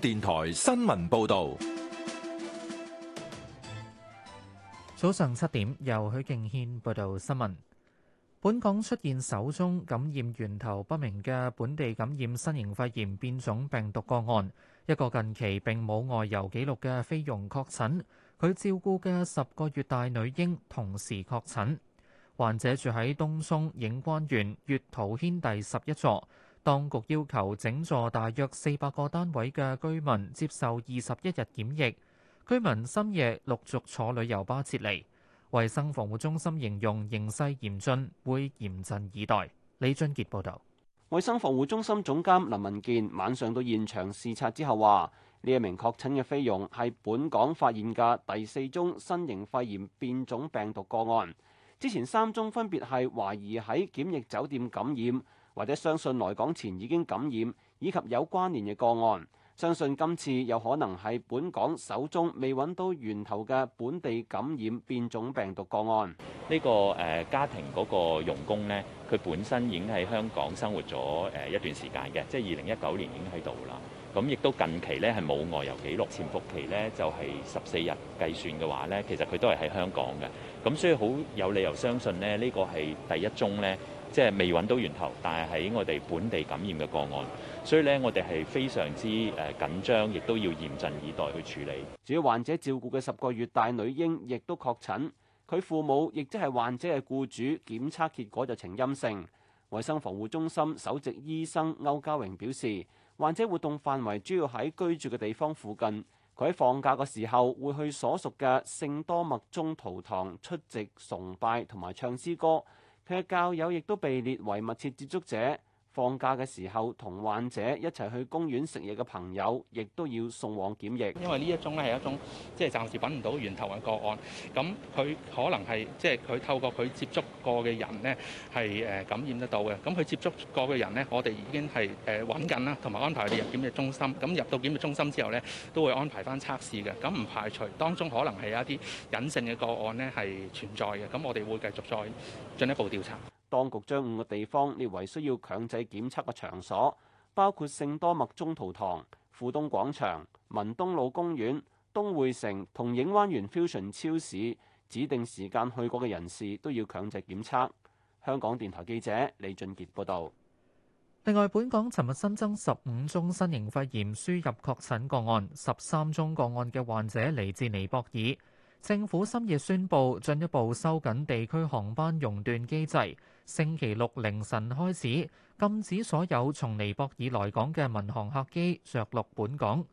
電台新聞報道：早上七點，由許敬軒報道新聞。本港出現首宗感染源頭不明嘅本地感染新型肺炎變種病毒個案，一個近期並冇外遊記錄嘅菲傭確診，佢照顧嘅十個月大女嬰同時確診。患者住喺東涌影關園月桃軒第十一座。當局要求整座大約四百個單位嘅居民接受二十一日檢疫，居民深夜陸續坐旅遊巴撤離。衛生防護中心形容形勢嚴峻，會嚴陣以待。李俊傑報導。衛生防護中心總監林文健晚上到現場視察之後話：呢一名確診嘅菲傭係本港發現嘅第四宗新型肺炎變種病毒個案，之前三宗分別係懷疑喺檢疫酒店感染。或者相信來港前已經感染，以及有關聯嘅個案，相信今次有可能係本港首宗未揾到源頭嘅本地感染變種病毒個案。呢個誒家庭嗰個傭工咧，佢本身已經喺香港生活咗誒一段時間嘅，即係二零一九年已經喺度啦。咁亦都近期咧係冇外遊記錄，潛伏期咧就係十四日計算嘅話咧，其實佢都係喺香港嘅。咁所以好有理由相信咧，呢個係第一宗咧。即係未揾到源頭，但係喺我哋本地感染嘅個案，所以呢，我哋係非常之誒緊張，亦都要嚴陣以待去處理。至於患者照顧嘅十個月大女嬰亦都確診，佢父母亦即係患者嘅雇主，檢測結果就呈陰性。衞生防護中心首席醫生歐家榮表示，患者活動範圍主要喺居住嘅地方附近。佢喺放假嘅時候會去所屬嘅聖多默宗徒堂出席崇拜同埋唱詩歌。佢嘅教友亦都被列為密切接觸者。放假嘅時候同患者一齊去公園食嘢嘅朋友，亦都要送往檢疫。因為呢一宗呢係一種即係暫時揾唔到源頭嘅個案，咁佢可能係即係佢透過佢接觸過嘅人呢係誒感染得到嘅。咁佢接觸過嘅人呢，我哋已經係誒揾緊啦，同埋安排佢哋入檢疫中心。咁入到檢疫中心之後呢，都會安排翻測試嘅。咁唔排除當中可能係有一啲隱性嘅個案呢係存在嘅。咁我哋會繼續再進一步調查。當局將五個地方列為需要強制檢測嘅場所，包括聖多默宗徒堂、富東廣場、文東路公園、東匯城同影灣園 fusion 超市，指定時間去過嘅人士都要強制檢測。香港電台記者李俊傑報道。另外，本港尋日新增十五宗新型肺炎輸入確診個案，十三宗個案嘅患者嚟自尼泊爾。政府深夜宣佈進一步收緊地區航班熔斷機制，星期六凌晨開始禁止所有從尼泊爾來港嘅民航客機着陸本港。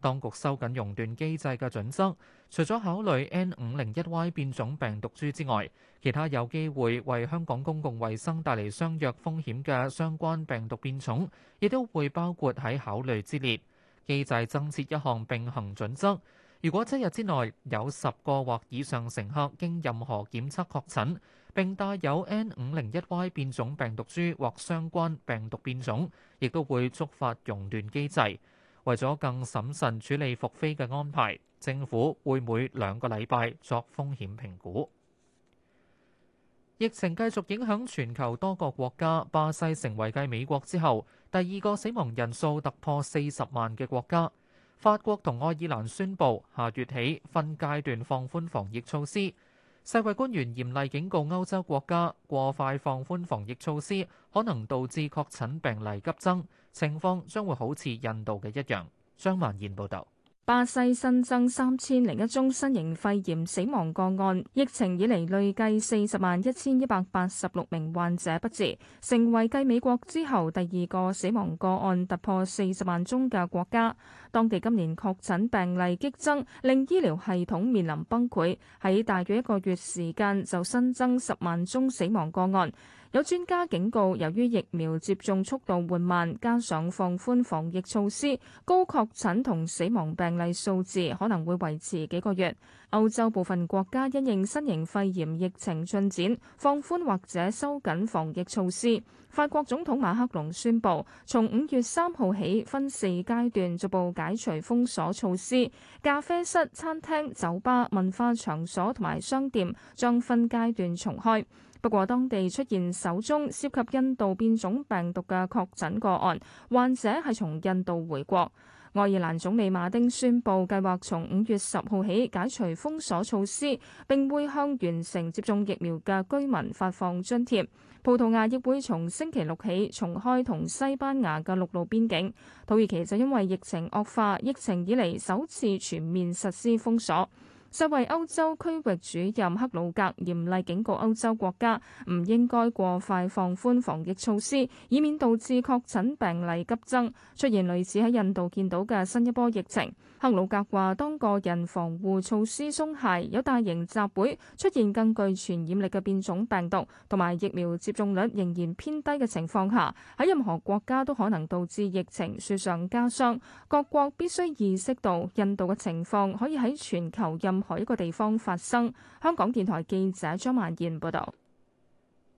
當局收緊熔斷機制嘅準則，除咗考慮 N 五零一 Y 變種病毒株之外，其他有機會為香港公共衛生帶嚟相若風險嘅相關病毒變種亦都會包括喺考慮之列。機制增設一項並行準則。如果七日之內有十個或以上乘客經任何檢測確診，並帶有 N501Y 變種病毒株或相關病毒變種，亦都會觸發熔斷機制。為咗更審慎處理復飛嘅安排，政府會每兩個禮拜作風險評估。疫情繼續影響全球多個國家，巴西成為繼美國之後，第二個死亡人數突破四十萬嘅國家。法國同愛爾蘭宣佈下月起分階段放寬防疫措施。世衛官員嚴厲警告歐洲國家過快放寬防疫措施，可能導致確診病例急增，情況將會好似印度嘅一樣。張曼燕報道。巴西新增三千零一宗新型肺炎死亡個案，疫情以嚟，累計四十萬一千一百八十六名患者不治，成為繼美國之後第二個死亡個案突破四十萬宗嘅國家。當地今年確診病例激增，令醫療系統面臨崩潰，喺大約一個月時間就新增十萬宗死亡個案。有專家警告，由於疫苗接種速度緩慢，加上放寬防疫措施，高確診同死亡病例數字可能會維持幾個月。歐洲部分國家因應新型肺炎疫情進展，放寬或者收緊防疫措施。法國總統馬克龍宣布，從五月三號起分四階段逐步解除封鎖措施，咖啡室、餐廳、酒吧、文化場所同埋商店將分階段重開。不過，當地出現首宗涉及印度變種病毒嘅確診個案，患者係從印度回國。愛爾蘭總理馬丁宣布計劃從五月十號起解除封鎖措施，並會向完成接種疫苗嘅居民發放津貼。葡萄牙亦會從星期六起重開同西班牙嘅陸路邊境。土耳其就因為疫情惡化，疫情以嚟首次全面實施封鎖。世衛歐洲區域主任克魯格嚴厲警告歐洲國家唔應該過快放寬防疫措施，以免導致確診病例急增，出現類似喺印度見到嘅新一波疫情。克魯格話：當個人防護措施鬆懈、有大型集會、出現更具傳染力嘅變種病毒，同埋疫苗接種率仍然偏低嘅情況下，喺任何國家都可能導致疫情雪上加霜。各國必須意識到印度嘅情況可以喺全球任喺一個地方發生。香港電台記者張萬燕報道。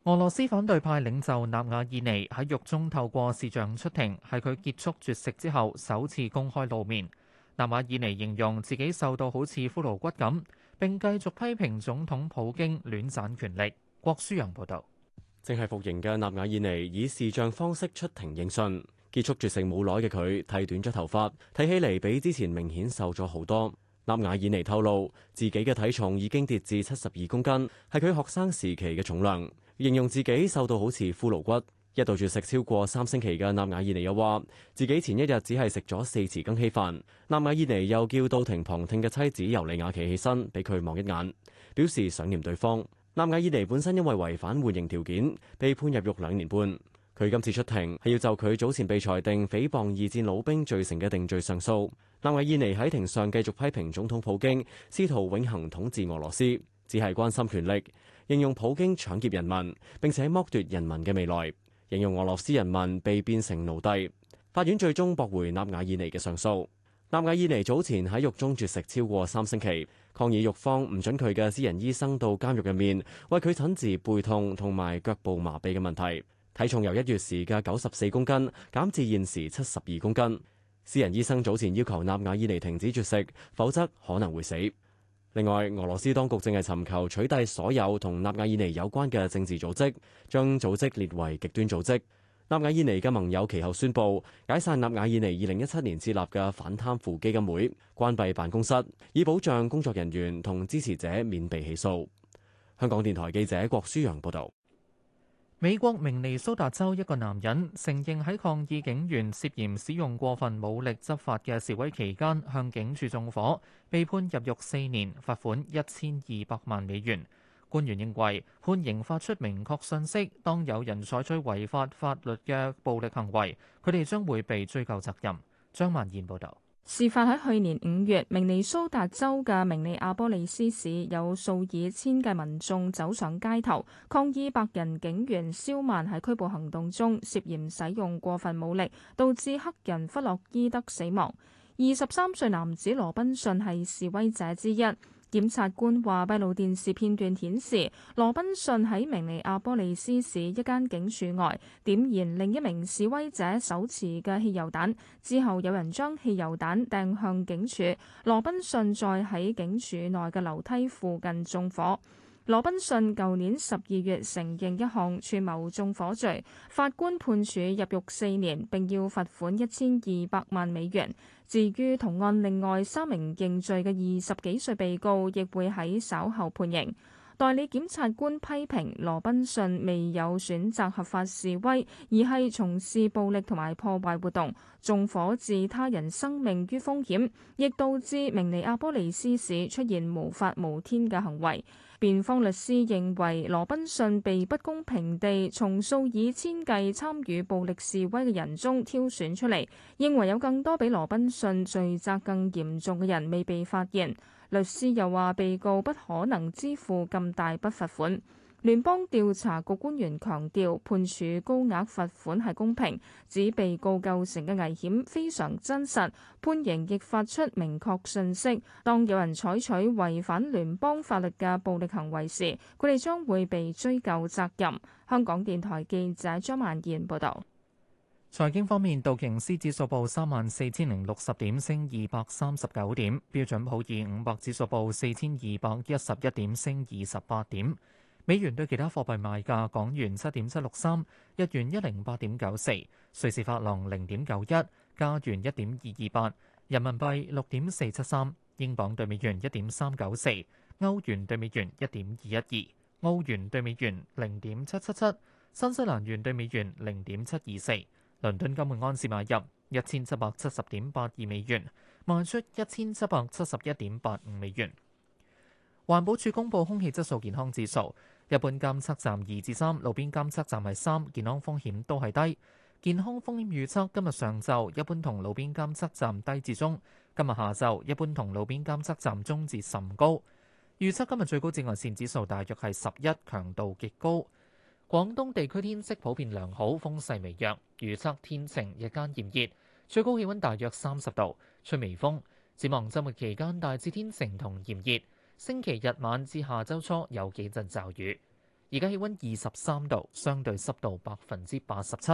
俄羅斯反對派領袖納瓦爾尼喺獄中透過視像出庭，係佢結束絕食之後首次公開露面。納瓦爾尼形容自己瘦到好似骷髏骨咁，並繼續批評總統普京亂賺權力。郭書洋報道。正係服刑嘅納瓦爾尼以視像方式出庭應訊，結束絕食冇耐嘅佢剃短咗頭髮，睇起嚟比之前明顯瘦咗好多。納瓦爾尼透露，自己嘅體重已經跌至七十二公斤，係佢學生時期嘅重量。形容自己瘦到好似骷髏骨，一度住食超過三星期嘅納瓦爾尼又話，自己前一日只係食咗四匙羹稀飯。納瓦爾尼又叫到庭旁聽嘅妻子尤里亞企起身，俾佢望一眼，表示想念對方。納瓦爾尼本身因為違反緩刑條件，被判入獄兩年半。佢今次出庭係要就佢早前被裁定誹謗二戰老兵罪成嘅定罪上訴。納瓦爾尼喺庭上繼續批評總統普京，試圖永恒統治俄羅斯，只係關心權力，形容普京搶劫人民，並且剝奪人民嘅未來，形容俄羅斯人民被變成奴隸。法院最終駁回納瓦爾尼嘅上訴。納瓦爾尼早前喺獄中絕食超過三星期，抗議獄方唔准佢嘅私人醫生到監獄入面，為佢診治背痛同埋腳部麻痹嘅問題，體重由一月時嘅九十四公斤減至現時七十二公斤。私人醫生早前要求納瓦爾尼停止絕食，否則可能會死。另外，俄羅斯當局正係尋求取締所有同納瓦爾尼有關嘅政治組織，將組織列為極端組織。納瓦爾尼嘅盟友其後宣布解散納瓦爾尼二零一七年設立嘅反貪腐基金會，關閉辦公室，以保障工作人員同支持者免被起訴。香港電台記者郭舒揚報道。美國明尼蘇達州一個男人承認喺抗議警員涉嫌使用過分武力執法嘅示威期間向警署縱火，被判入獄四年，罰款一千二百萬美元。官員認為判刑發出明確信息，當有人採取違法法律嘅暴力行為，佢哋將會被追究責任。張曼燕報導。事發喺去年五月，明尼蘇達州嘅明尼阿波利斯市有數以千計民眾走上街頭，抗議白人警員肖曼喺拘捕行動中涉嫌使用過分武力，導致黑人弗洛伊德死亡。二十三歲男子羅賓遜係示威者之一。檢察官話：閉路電視片段顯示，羅賓遜喺明尼亞波利斯市一間警署外點燃另一名示威者手持嘅汽油彈，之後有人將汽油彈掟向警署，羅賓遜再喺警署內嘅樓梯附近縱火。羅賓遜舊年十二月承認一項串謀縱火罪，法官判處入獄四年，並要罰款一千二百萬美元。至於同案另外三名認罪嘅二十幾歲被告，亦會喺稍後判刑。代理檢察官批評羅賓遜未有選擇合法示威，而係從事暴力同埋破壞活動，縱火致他人生命於風險，亦導致明尼阿波利斯市出現無法無天嘅行為。辯方律師認為羅賓遜被不公平地從數以千計參與暴力示威嘅人中挑選出嚟，認為有更多比羅賓遜罪責更嚴重嘅人未被發現。律師又話被告不可能支付咁大筆罰款。聯邦調查局官員強調判處高額罰款係公平，指被告構成嘅危險非常真實，判刑亦發出明確信息：當有人採取違反聯邦法律嘅暴力行為時，佢哋將會被追究責任。香港電台記者張萬賢報道。財經方面，道瓊斯指數報三萬四千零六十點，升二百三十九點；標準普爾五百指數報四千二百一十一點，升二十八點。美元對其他貨幣賣價：港元七點七六三，日元一零八點九四，瑞士法郎零點九一，加元一點二二八，人民幣六點四七三，英鎊對美元一點三九四，歐元對美元一點二一二，澳元對美元零點七七七，新西蘭元對美元零點七二四。倫敦金每安士買入一千七百七十點八二美元，賣出一千七百七十一點八五美元。環保署公布空氣質素健康指數。一般監測站二至三，路邊監測站係三，健康風險都係低。健康風險預測今日上晝一般同路邊監測站低至中，今日下晝一般同路邊監測站中至甚高。預測今日最高紫外線指數大約係十一，強度極高。廣東地區天色普遍良好，風勢微弱。預測天晴，日間炎熱，最高氣溫大約三十度，吹微風。展望週末期間，大致天晴同炎熱。星期日晚至下周初有幾陣驟雨，而家氣溫二十三度，相對濕度百分之八十七。